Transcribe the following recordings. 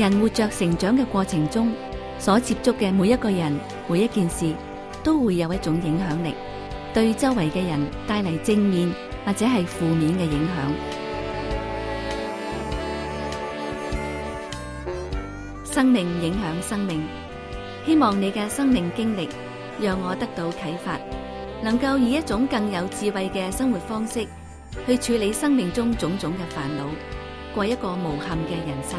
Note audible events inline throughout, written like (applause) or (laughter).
人活着成長嘅過程中，所接觸嘅每一個人、每一件事，都會有一種影響力，對周圍嘅人帶嚟正面或者係負面嘅影響。 (noise) 生命影響生命，希望你嘅生命經歷讓我得到啟發，能夠以一種更有智慧嘅生活方式去處理生命中種種嘅煩惱，過一個無憾嘅人生。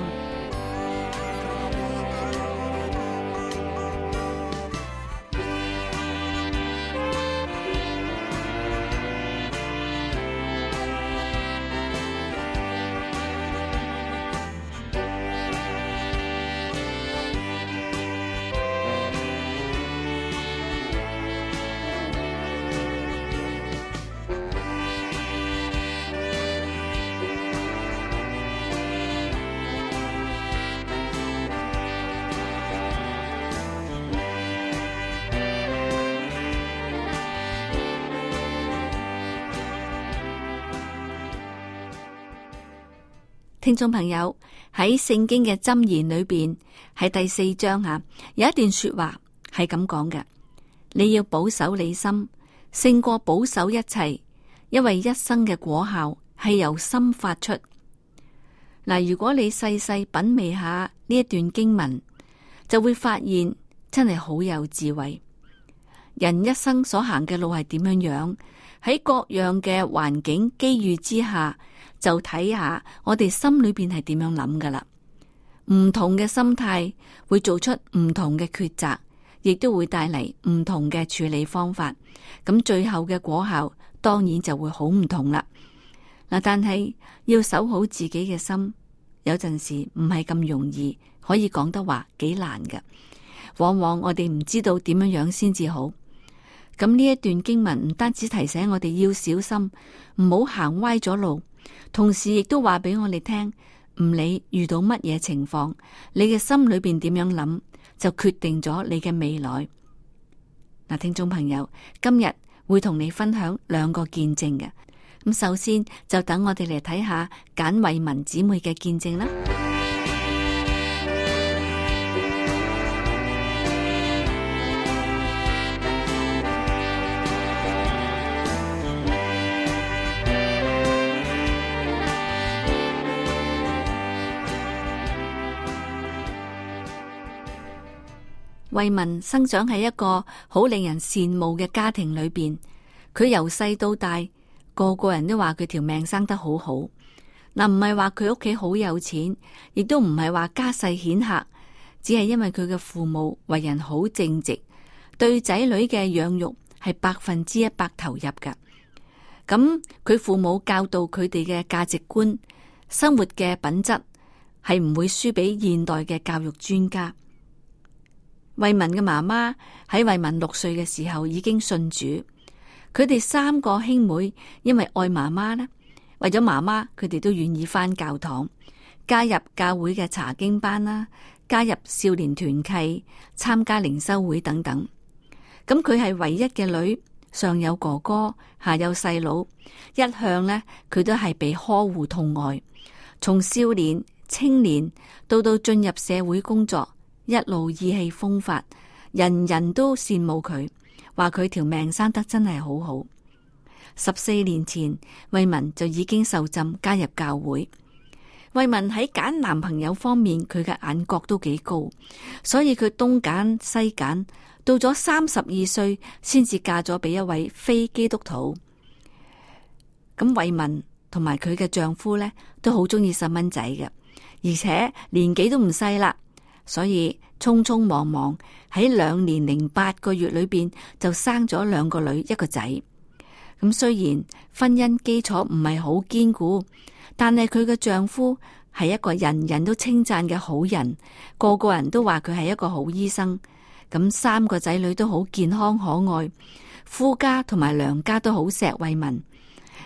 聽眾朋友，喺聖經嘅箴言裏邊，喺第四章吓、啊、有一段說話係咁講嘅：你要保守你心，勝過保守一切，因為一生嘅果效係由心發出。嗱，如果你細細品味下呢一段經文，就會發現真係好有智慧。人一生所行嘅路係點樣樣？喺各樣嘅環境機遇之下。就睇下我哋心裏邊係點樣諗噶啦。唔同嘅心態會做出唔同嘅抉擇，亦都會帶嚟唔同嘅處理方法。咁最後嘅果效當然就會好唔同啦。嗱，但係要守好自己嘅心，有陣時唔係咁容易，可以講得話幾難嘅。往往我哋唔知道點樣樣先至好。咁呢一段經文唔單止提醒我哋要小心，唔好行歪咗路。同時亦都話俾我哋聽，唔理遇到乜嘢情況，你嘅心裏邊點樣諗，就決定咗你嘅未來。嗱，聽眾朋友，今日會同你分享兩個見證嘅。咁首先就等我哋嚟睇下簡慧文姊妹嘅見證啦。為民生長喺一個好令人羨慕嘅家庭裏邊，佢由細到大，個個人都話佢條命生得好好。嗱，唔係話佢屋企好有錢，亦都唔係話家世顯赫，只係因為佢嘅父母為人好正直，對仔女嘅養育係百分之一百投入嘅。咁佢父母教導佢哋嘅價值觀、生活嘅品質，係唔會輸俾現代嘅教育專家。惠民嘅媽媽喺惠民六歲嘅時候已經信主，佢哋三個兄妹因為愛媽媽啦，為咗媽媽，佢哋都願意翻教堂，加入教會嘅查經班啦，加入少年團契，參加靈修會等等。咁佢係唯一嘅女，上有哥哥，下有細佬，一向咧佢都係被呵護痛愛，從少年、青年到到進入社會工作。一路意氣風發，人人都羨慕佢，話佢條命生得真係好好。十四年前，慧文就已經受浸加入教會。慧文喺揀男朋友方面，佢嘅眼角都幾高，所以佢東揀西揀，到咗三十二歲先至嫁咗俾一位非基督徒。咁慧文同埋佢嘅丈夫咧，都好中意細蚊仔嘅，而且年紀都唔細啦。所以匆匆忙忙喺兩年零八個月裏邊就生咗兩個女一個仔。咁雖然婚姻基礎唔係好堅固，但係佢嘅丈夫係一個人人都稱讚嘅好人，個個人都話佢係一個好醫生。咁三個仔女都好健康可愛，夫家同埋娘家都好錫惠民。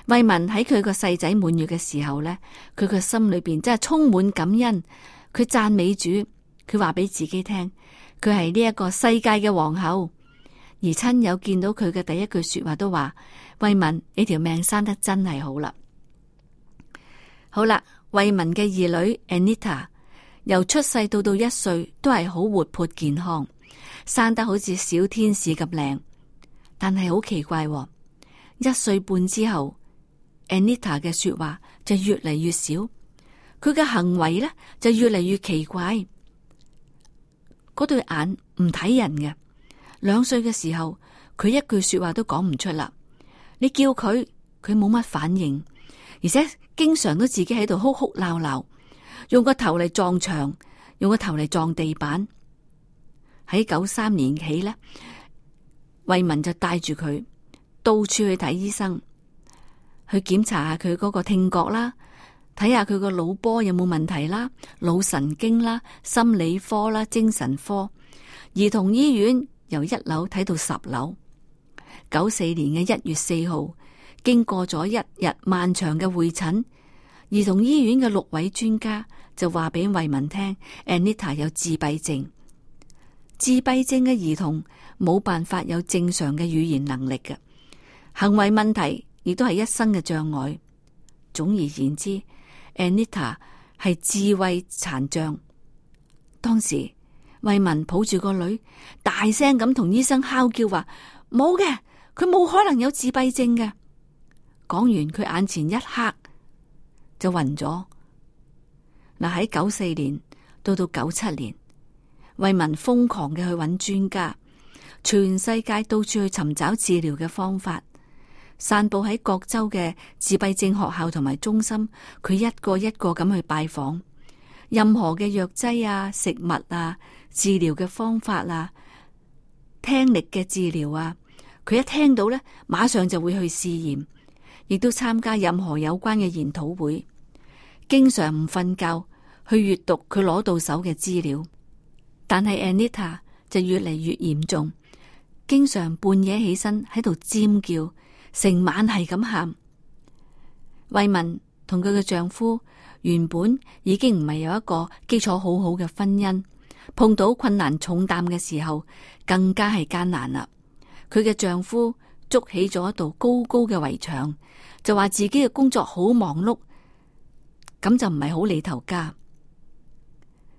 惠民喺佢個細仔滿月嘅時候呢，佢個心裏邊真係充滿感恩，佢讚美主。佢話俾自己聽，佢係呢一個世界嘅皇后。而親友見到佢嘅第一句說話都話：慧文，你條命生得真係好啦。好啦，慧文嘅二女 Anita 由出世到到一歲都係好活潑健康，生得好似小天使咁靚。但係好奇怪，哦，一歲半之後 Anita 嘅說話就越嚟越少，佢嘅行為咧就越嚟越奇怪。嗰對眼唔睇人嘅，兩歲嘅時候，佢一句說話都講唔出啦，你叫佢，佢冇乜反應，而且經常都自己喺度哭哭鬧鬧，用個頭嚟撞牆，用個頭嚟撞地板。喺九三年起咧，慧文就帶住佢到處去睇醫生，去檢查下佢嗰個聽覺啦。睇下佢個腦波有冇問題啦，腦神經啦，心理科啦，精神科，兒童醫院由一樓睇到十樓。九四年嘅一月四號，經過咗一日漫長嘅會診，兒童醫院嘅六位專家就話俾惠民聽：Anita 有自閉症。自閉症嘅兒童冇辦法有正常嘅語言能力嘅，行為問題亦都係一生嘅障礙。總而言之。Anita 係智慧殘障，當時慧民抱住個女，大聲咁同醫生嚎叫話：冇嘅，佢冇可能有自閉症嘅。講完佢眼前一黑，就暈咗。嗱喺九四年到到九七年，慧民瘋狂嘅去揾專家，全世界到處去尋找治療嘅方法。散佈喺各州嘅自閉症學校同埋中心，佢一個一個咁去拜訪。任何嘅藥劑啊、食物啊、治療嘅方法啊、聽力嘅治療啊。佢一聽到呢，馬上就會去試驗，亦都參加任何有關嘅研討會。經常唔瞓覺去閱讀佢攞到手嘅資料，但係 Anita 就越嚟越嚴重，經常半夜起身喺度尖叫。成晚係咁喊，慧文同佢嘅丈夫原本已經唔係有一個基礎好好嘅婚姻，碰到困難重擔嘅時候，更加係艱難啦。佢嘅丈夫築起咗一道高高嘅圍牆，就話自己嘅工作好忙碌，咁就唔係好理頭家，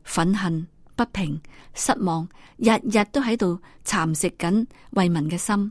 憤恨、不平、失望，日日都喺度蠶食緊慧文嘅心。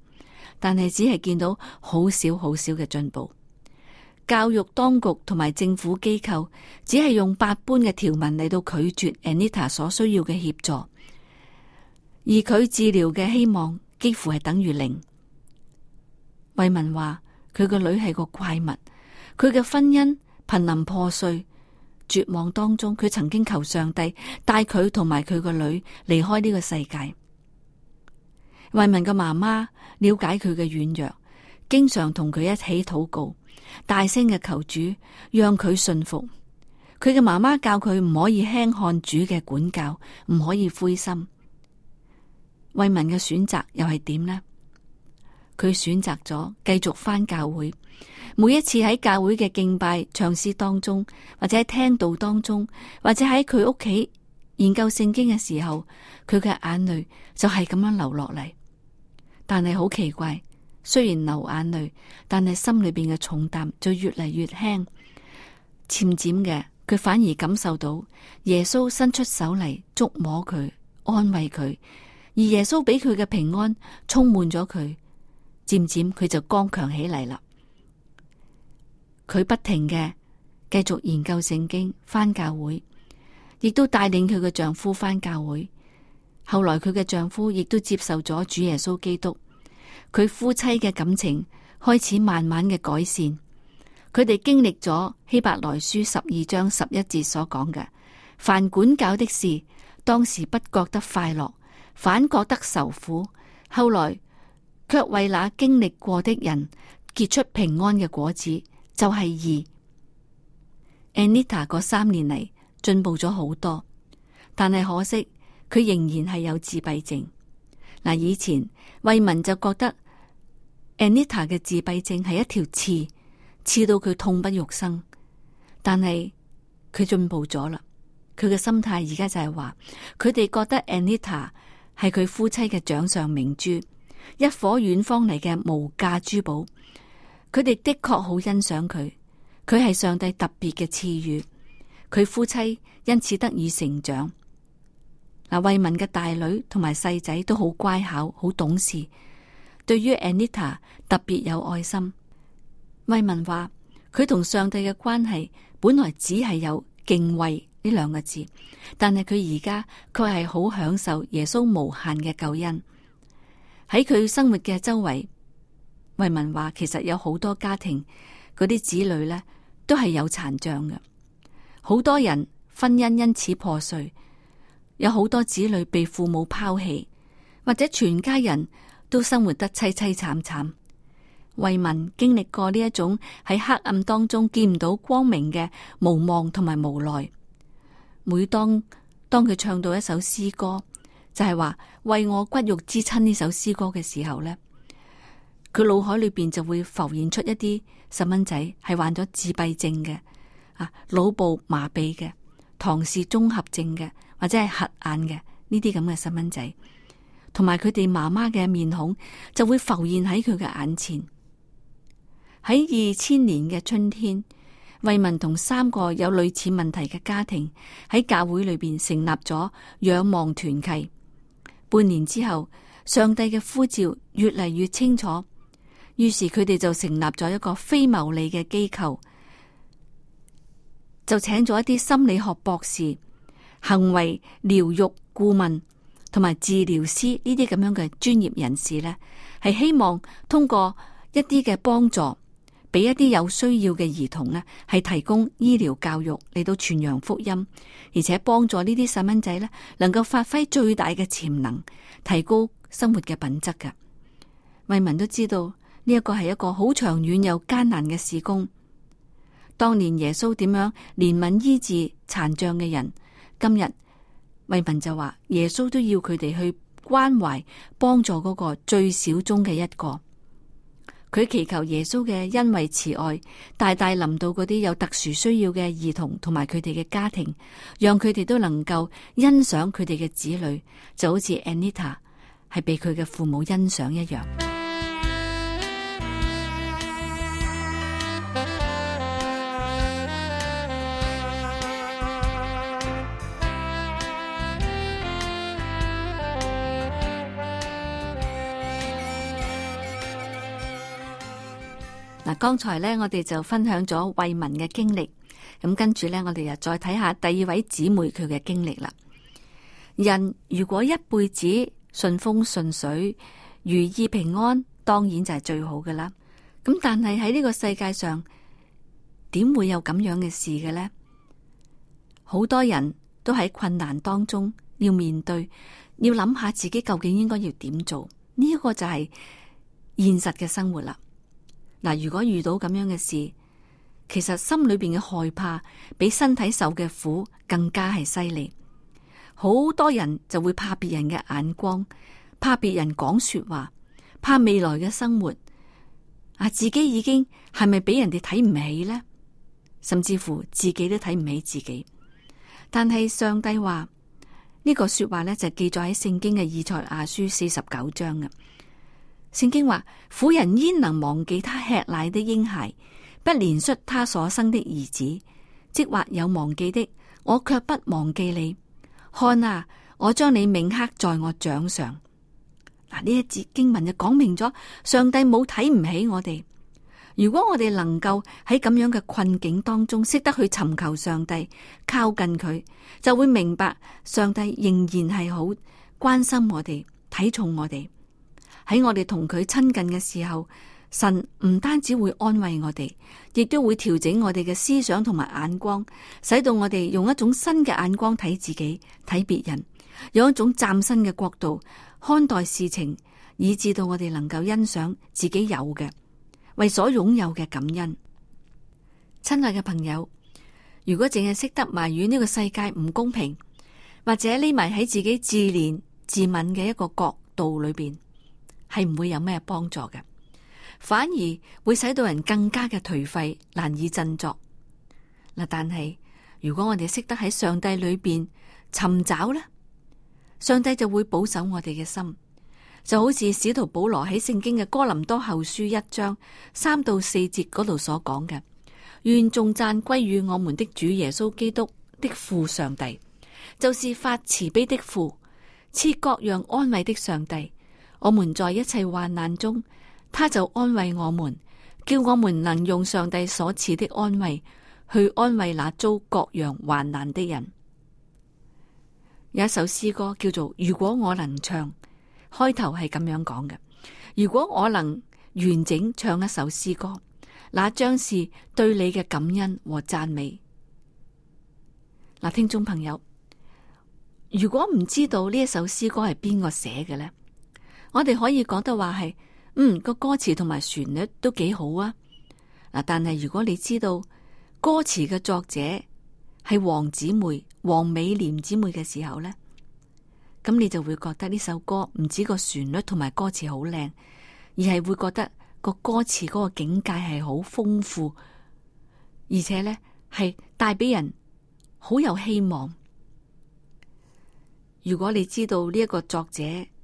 但係只係見到好少好少嘅進步，教育當局同埋政府機構只係用百般嘅條文嚟到拒絕 Anita 所需要嘅協助，而佢治療嘅希望幾乎係等於零。慧文話佢個女係個怪物，佢嘅婚姻瀕臨破碎，絕望當中佢曾經求上帝帶佢同埋佢個女離開呢個世界。惠民嘅媽媽了解佢嘅軟弱，經常同佢一起禱告，大聲嘅求主讓佢信服。佢嘅媽媽教佢唔可以輕看主嘅管教，唔可以灰心。惠民嘅選擇又係點呢？佢選擇咗繼續翻教會，每一次喺教會嘅敬拜、唱詩當中，或者喺聽道當中，或者喺佢屋企研究聖經嘅時候，佢嘅眼淚就係咁樣流落嚟。但係好奇怪，雖然流眼淚，但係心裏面嘅重擔就越嚟越輕。漸漸嘅，佢反而感受到耶穌伸出手嚟捉摸佢，安慰佢，而耶穌俾佢嘅平安充滿咗佢。漸漸佢就剛強起嚟啦。佢不停嘅繼續研究聖經，返教會，亦都帶領佢嘅丈夫返教會。後來佢嘅丈夫亦都接受咗主耶穌基督，佢夫妻嘅感情開始慢慢嘅改善。佢哋經歷咗希伯來書十二章十一節所講嘅，凡管教的事，當時不覺得快樂，反覺得愁苦，後來卻為那經歷過的人結出平安嘅果子，就係、是、義。Anita 嗰三年嚟進步咗好多，但係可惜。佢仍然係有自閉症嗱，以前慧民就覺得 Anita 嘅自閉症係一條刺，刺到佢痛不欲生。但係佢進步咗啦，佢嘅心態而家就係話，佢哋覺得 Anita 係佢夫妻嘅掌上明珠，一顆遠方嚟嘅無價珠寶。佢哋的確好欣賞佢，佢係上帝特別嘅賜予，佢夫妻因此得以成長。嗱，衛民嘅大女同埋細仔都好乖巧，好懂事。對於 Anita 特別有愛心。衛民話：佢同上帝嘅關係本來只係有敬畏呢兩個字，但係佢而家佢係好享受耶穌無限嘅救恩。喺佢生活嘅周圍，衛民話其實有好多家庭嗰啲子女呢，都係有殘障嘅，好多人婚姻因此破碎。有好多子女被父母拋棄，或者全家人都生活得凄凄慘慘。慰民經歷過呢一種喺黑暗當中見唔到光明嘅無望同埋無奈。每當當佢唱到一首詩歌，就係話為我骨肉之親呢首詩歌嘅時候咧，佢腦海裏邊就會浮現出一啲細蚊仔係患咗自閉症嘅啊，腦部麻痹嘅。唐氏綜合症嘅或者係核眼嘅呢啲咁嘅細蚊仔，同埋佢哋媽媽嘅面孔就會浮現喺佢嘅眼前。喺二千年嘅春天，衛民同三個有類似問題嘅家庭喺教會裏邊成立咗仰望團契。半年之後，上帝嘅呼召越嚟越清楚，於是佢哋就成立咗一個非牟利嘅機構。就請咗一啲心理學博士、行為療育顧問同埋治療師呢啲咁樣嘅專業人士呢，係希望通過一啲嘅幫助，俾一啲有需要嘅兒童呢，係提供醫療教育嚟到傳揚福音，而且幫助呢啲細蚊仔呢，能夠發揮最大嘅潛能，提高生活嘅品質嘅。惠民都知道呢、這個、一個係一個好長遠又艱難嘅事工。當年耶穌點樣憐憫醫治殘障嘅人？今日維文就話耶穌都要佢哋去關懷幫助嗰個最小中嘅一個。佢祈求耶穌嘅恩惠慈愛，大大臨到嗰啲有特殊需要嘅兒童同埋佢哋嘅家庭，讓佢哋都能夠欣賞佢哋嘅子女，就好似 Anita 係被佢嘅父母欣賞一樣。剛才咧，我哋就分享咗為民嘅經歷，咁跟住咧，我哋又再睇下第二位姊妹佢嘅經歷啦。人如果一輩子順風順水、如意平安，當然就係最好嘅啦。咁但係喺呢個世界上，點會有咁樣嘅事嘅呢？好多人都喺困難當中要面對，要諗下自己究竟應該要點做，呢、這、一個就係現實嘅生活啦。嗱，如果遇到咁樣嘅事，其實心裏邊嘅害怕，比身體受嘅苦更加係犀利。好多人就會怕別人嘅眼光，怕別人講說話，怕未來嘅生活。啊，自己已經係咪俾人哋睇唔起呢？甚至乎自己都睇唔起自己。但係上帝話呢個說話咧，就記載喺聖經嘅以賽亞書四十九章嘅。聖經話：婦人焉能忘記他吃奶的嬰孩，不憐恤他所生的兒子？即或有忘記的，我卻不忘記你。看啊，我將你銘刻在我掌上。嗱，呢一節經文就講明咗，上帝冇睇唔起我哋。如果我哋能夠喺咁樣嘅困境當中，識得去尋求上帝，靠近佢，就會明白上帝仍然係好關心我哋，睇重我哋。喺我哋同佢親近嘅時候，神唔單止會安慰我哋，亦都會調整我哋嘅思想同埋眼光，使到我哋用一種新嘅眼光睇自己、睇別人，用一種嶄新嘅角度看待事情，以致到我哋能夠欣賞自己有嘅為所擁有嘅感恩。親愛嘅朋友，如果淨係識得埋怨呢個世界唔公平，或者匿埋喺自己自憐自憫嘅一個角度裏邊。係唔會有咩幫助嘅，反而會使到人更加嘅頹廢，難以振作。嗱，但係如果我哋識得喺上帝裏邊尋找咧，上帝就會保守我哋嘅心。就好似使徒保羅喺聖經嘅哥林多後書一章三到四節嗰度所講嘅，願眾贊歸於我們的主耶穌基督的父上帝，就是發慈悲的父，賜各樣安慰的上帝。我們在一切患難中，他就安慰我們，叫我們能用上帝所賜的安慰去安慰那遭各樣患難的人。有一首詩歌叫做《如果我能唱》，開頭係咁樣講嘅：如果我能完整唱一首詩歌，那將是對你嘅感恩和讚美。嗱，聽眾朋友，如果唔知道呢一首詩歌係邊個寫嘅呢？我哋可以講得話係，嗯，個歌詞同埋旋律都幾好啊。嗱，但係如果你知道歌詞嘅作者係黃姊妹、黃美廉姊妹嘅時候咧，咁你就會覺得呢首歌唔止個旋律同埋歌詞好靚，而係會覺得個歌詞嗰個境界係好豐富，而且咧係帶俾人好有希望。如果你知道呢一個作者。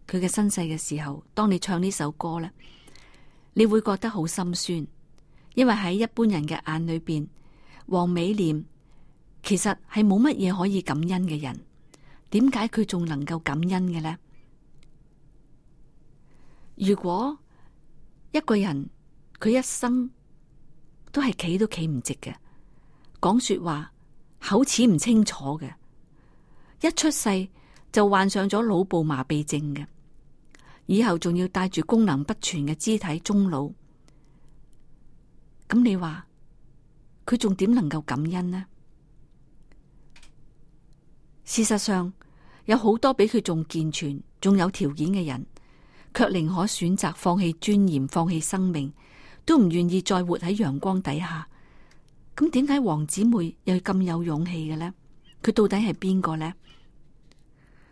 佢嘅身世嘅時候，當你唱呢首歌咧，你會覺得好心酸，因為喺一般人嘅眼裏邊，黃美廉其實係冇乜嘢可以感恩嘅人。點解佢仲能夠感恩嘅呢？如果一個人佢一生都係企都企唔直嘅，講說話口齒唔清楚嘅，一出世就患上咗腦部麻痹症嘅。以後仲要帶住功能不全嘅肢體終老，咁你話佢仲點能夠感恩呢？事實上，有好多比佢仲健全、仲有條件嘅人，卻寧可選擇放棄尊嚴、放棄生命，都唔願意再活喺陽光底下。咁點解王姊妹又咁有勇氣嘅呢？佢到底係邊個呢？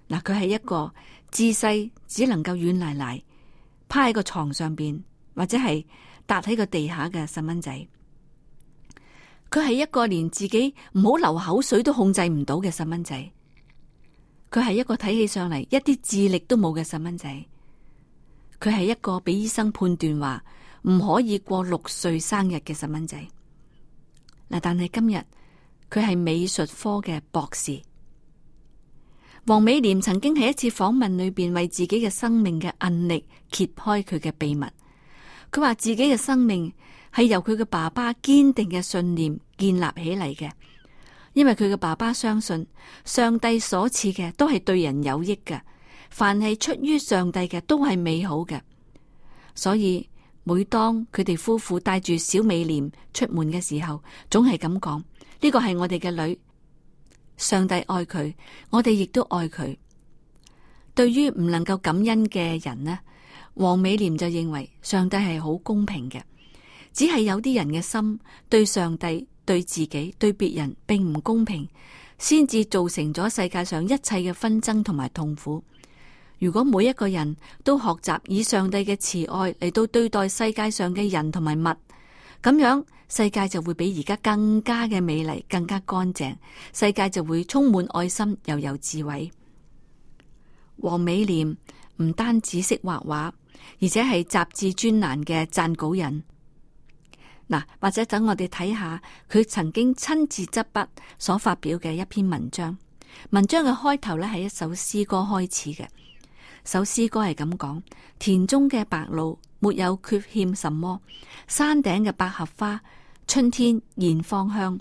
嗱，佢係一個。自細只能夠軟賴賴趴喺個床上邊，或者係搭喺個地下嘅細蚊仔。佢係一個連自己唔好流口水都控制唔到嘅細蚊仔。佢係一個睇起上嚟，一啲智力都冇嘅細蚊仔。佢係一個俾醫生判斷話唔可以過六歲生日嘅細蚊仔。嗱，但係今日佢係美術科嘅博士。王美廉曾經喺一次訪問裏邊，為自己嘅生命嘅韌力揭開佢嘅秘密。佢話自己嘅生命係由佢嘅爸爸堅定嘅信念建立起嚟嘅，因為佢嘅爸爸相信上帝所賜嘅都係對人有益嘅，凡係出於上帝嘅都係美好嘅。所以每當佢哋夫婦帶住小美廉出門嘅時候，總係咁講：呢個係我哋嘅女。上帝愛佢，我哋亦都愛佢。對於唔能夠感恩嘅人呢？黃美廉就認為上帝係好公平嘅，只係有啲人嘅心對上帝、對自己、對別人並唔公平，先至造成咗世界上一切嘅紛爭同埋痛苦。如果每一個人都學習以上帝嘅慈愛嚟到對待世界上嘅人同埋物，咁樣，世界就會比而家更加嘅美麗，更加乾淨。世界就會充滿愛心，又有智慧。黃美廉唔單止識畫畫，而且係雜誌專欄嘅撰稿人。嗱，或者等我哋睇下佢曾經親自執筆所發表嘅一篇文章。文章嘅開頭咧係一首詩歌開始嘅。首詩歌係咁講：田中嘅白露沒有缺欠。什麼山頂嘅百合花，春天現芳香。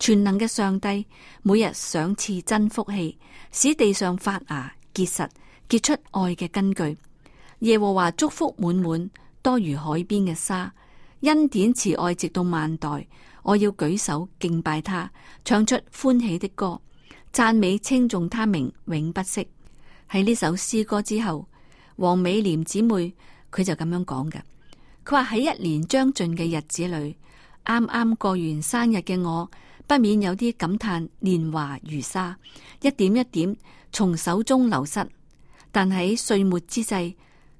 全能嘅上帝每日賞賜真福氣，使地上發芽結實，結出愛嘅根據。耶和華祝福滿滿，多如海邊嘅沙，恩典慈愛直到萬代。我要舉手敬拜他，唱出歡喜的歌，讚美稱頌他名，永不息。喺呢首詩歌之後，黃美廉姊妹佢就咁樣講嘅。佢話喺一年將盡嘅日子裏，啱啱過完生日嘅我，不免有啲感嘆年華如沙，一點一點從手中流失。但喺歲末之際，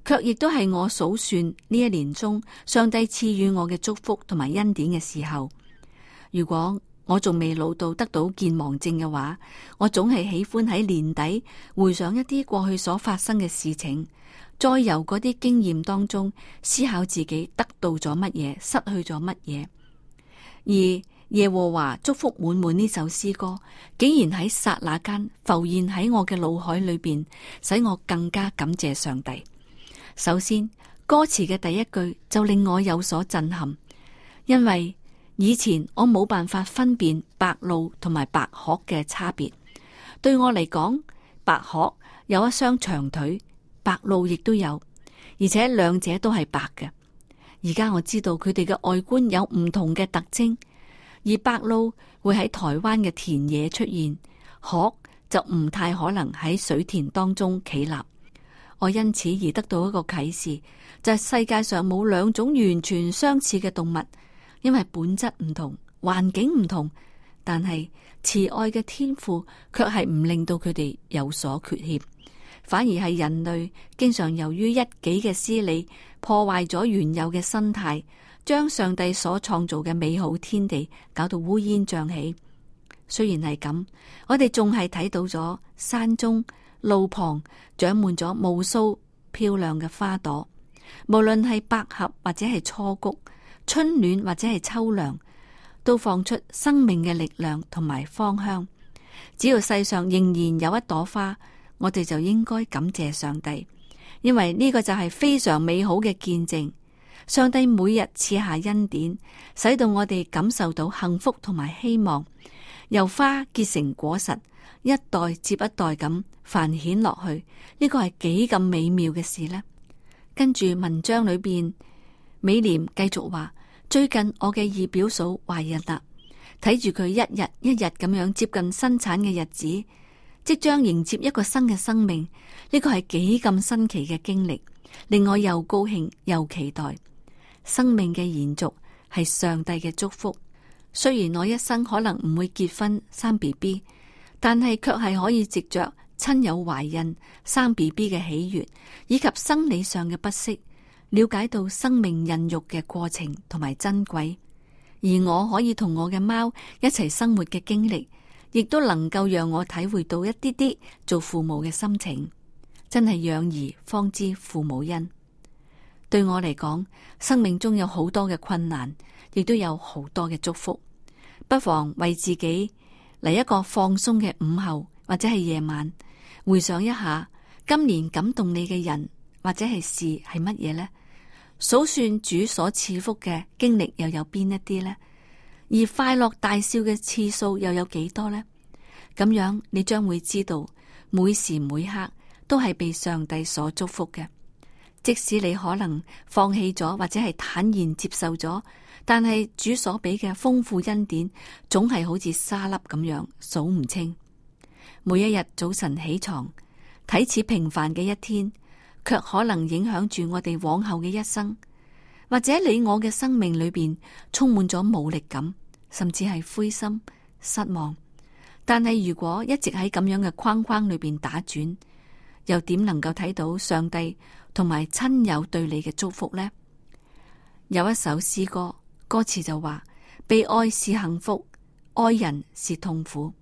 卻亦都係我數算呢一年中上帝賜予我嘅祝福同埋恩典嘅時候。如果我仲未老到得到健忘症嘅話，我總係喜歡喺年底回想一啲過去所發生嘅事情，再由嗰啲經驗當中思考自己得到咗乜嘢、失去咗乜嘢。而耶和華祝福滿滿呢首詩歌，竟然喺剎那間浮現喺我嘅腦海裏邊，使我更加感謝上帝。首先，歌詞嘅第一句就令我有所震撼，因為，以前我冇辦法分辨白鷺同埋白鶴嘅差別，對我嚟講，白鶴有一雙長腿，白鷺亦都有，而且兩者都係白嘅。而家我知道佢哋嘅外觀有唔同嘅特徵，而白鷺會喺台灣嘅田野出現，鶴就唔太可能喺水田當中企立。我因此而得到一個啟示，就係世界上冇兩種完全相似嘅動物。因為本質唔同，環境唔同，但係慈愛嘅天父卻係唔令到佢哋有所缺欠，反而係人類經常由於一己嘅私利，破壞咗原有嘅生態，將上帝所創造嘅美好天地搞到烏煙瘴氣。雖然係咁，我哋仲係睇到咗山中路旁長滿咗無數漂亮嘅花朵，無論係百合或者係雛菊春暖或者係秋涼，都放出生命嘅力量同埋芳香。只要世上仍然有一朵花，我哋就應該感謝上帝，因為呢個就係非常美好嘅見證。上帝每日賜下恩典，使到我哋感受到幸福同埋希望。由花結成果實，一代接一代咁繁衍落去，呢、呢個係幾咁美妙嘅事呢？跟住文章裏邊。美廉繼續話：最近我嘅二表嫂懷孕啦，睇住佢一日一日咁樣接近生產嘅日子，即將迎接一個新嘅生命，呢個係幾咁新奇嘅經歷，令我又高興又期待。生命嘅延續係上帝嘅祝福。雖然我一生可能唔會結婚生 B B，但係卻係可以藉着親友懷孕生 B B 嘅喜悦，以及生理上嘅不適。了解到生命孕育嘅過程同埋珍貴，而我可以同我嘅貓一齊生活嘅經歷，亦都能夠讓我體會到一啲啲做父母嘅心情。真係養兒方知父母恩。對我嚟講，生命中有好多嘅困難，亦都有好多嘅祝福。不妨為自己嚟一個放鬆嘅午後或者係夜晚，回想一下今年感動你嘅人或者係事係乜嘢咧？數算主所賜福嘅經歷又有邊一啲呢？而快樂大笑嘅次數又有幾多呢？咁樣你將會知道，每時每刻都係被上帝所祝福嘅。即使你可能放棄咗或者係坦然接受咗，但係主所俾嘅豐富恩典，總係好似沙粒咁樣數唔清。每一日早晨起床，睇似平凡嘅一天，卻可能影響住我哋往後嘅一生，或者你我嘅生命裏邊充滿咗無力感，甚至係灰心失望。但係如果一直喺咁樣嘅框框裏邊打轉，又點能夠睇到上帝同埋親友對你嘅祝福呢？有一首詩歌，歌詞就話：被愛是幸福，愛人是痛苦。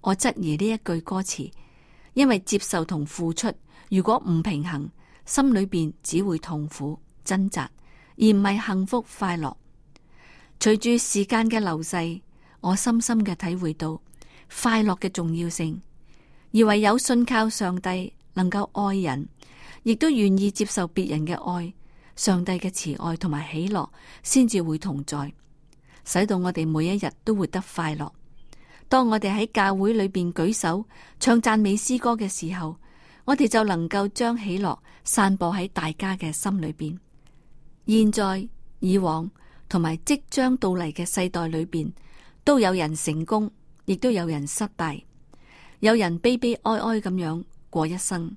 我質疑呢一句歌詞，因為接受同付出。如果唔平衡，心裏邊只會痛苦掙扎，而唔係幸福快樂。隨住時間嘅流逝，我深深嘅體會到快樂嘅重要性，而唯有信靠上帝，能夠愛人，亦都願意接受別人嘅愛，上帝嘅慈愛同埋喜樂，先至會同在，使到我哋每一日都活得快樂。當我哋喺教會裏邊舉手唱讚美詩歌嘅時候，我哋就能夠將喜樂散播喺大家嘅心裏邊。現在、以往同埋即將到嚟嘅世代裏邊，都有人成功，亦都有人失敗，有人悲悲哀哀咁樣過一生，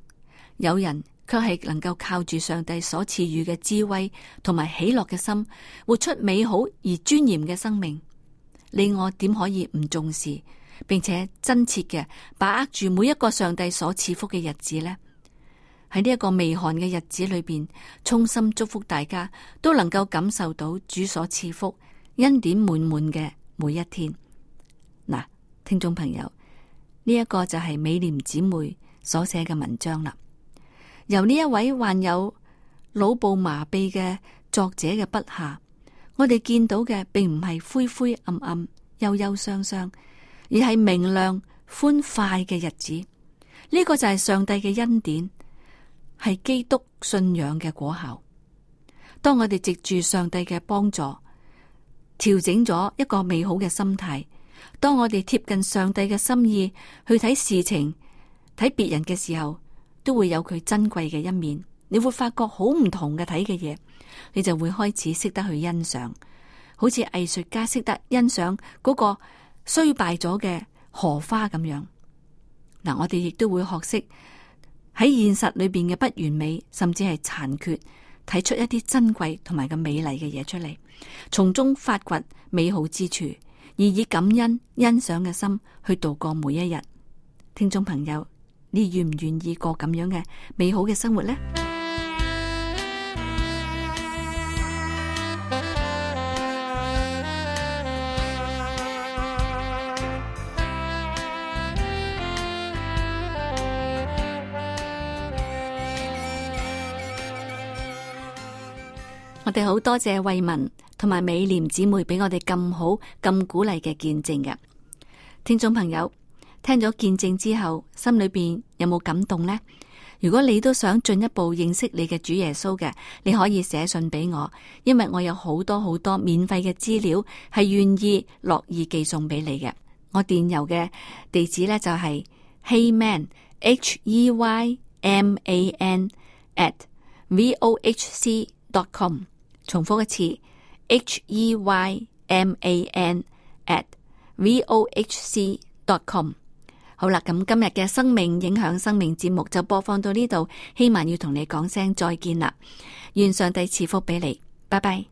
有人卻係能夠靠住上帝所賜予嘅智慧同埋喜樂嘅心，活出美好而尊嚴嘅生命。你我點可以唔重視？並且真切嘅把握住每一個上帝所賜福嘅日子呢，喺呢一個微寒嘅日子裏邊，衷心祝福大家都能夠感受到主所賜福恩典滿滿嘅每一天。嗱，聽眾朋友，呢一個就係美廉姊妹所寫嘅文章啦。由呢一位患有腦部麻痹嘅作者嘅筆下，我哋見到嘅並唔係灰灰暗暗、幽幽傷傷。而係明亮、歡快嘅日子，呢個就係上帝嘅恩典，係基督信仰嘅果效。當我哋藉住上帝嘅幫助，調整咗一個美好嘅心態，當我哋貼近上帝嘅心意去睇事情、睇別人嘅時候，都會有佢珍貴嘅一面。你會發覺好唔同嘅睇嘅嘢，你就會開始識得去欣賞，好似藝術家識得欣賞嗰個。衰敗咗嘅荷花咁樣，嗱，我哋亦都會學識喺現實裏邊嘅不完美，甚至係殘缺，睇出一啲珍貴同埋嘅美麗嘅嘢出嚟，從中發掘美好之處，而以，以感恩欣賞嘅心去度過每一日。聽眾朋友，你願唔願意過咁樣嘅美好嘅生活呢？我哋好多謝衛民同埋美廉姊妹俾我哋咁好咁鼓勵嘅見證嘅。聽眾朋友，聽咗見證之後，心裏邊有冇感動呢？如果你都想進一步認識你嘅主耶穌嘅，你可以寫信俾我，因為我有好多好多免費嘅資料係願意樂意寄送俾你嘅。我電郵嘅地址呢、hey，就係 Heyman h e y m a n at v o h c dot com。重複一次，Heyman at vohc.com。好啦，咁今日嘅生命影響生命節目就播放到呢度，希望要同你講聲再見啦。願上帝賜福畀你，拜拜。